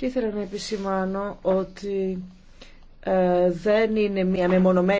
Και ήθελα να επισημάνω ότι ε, δεν είναι μια μεμονωμένη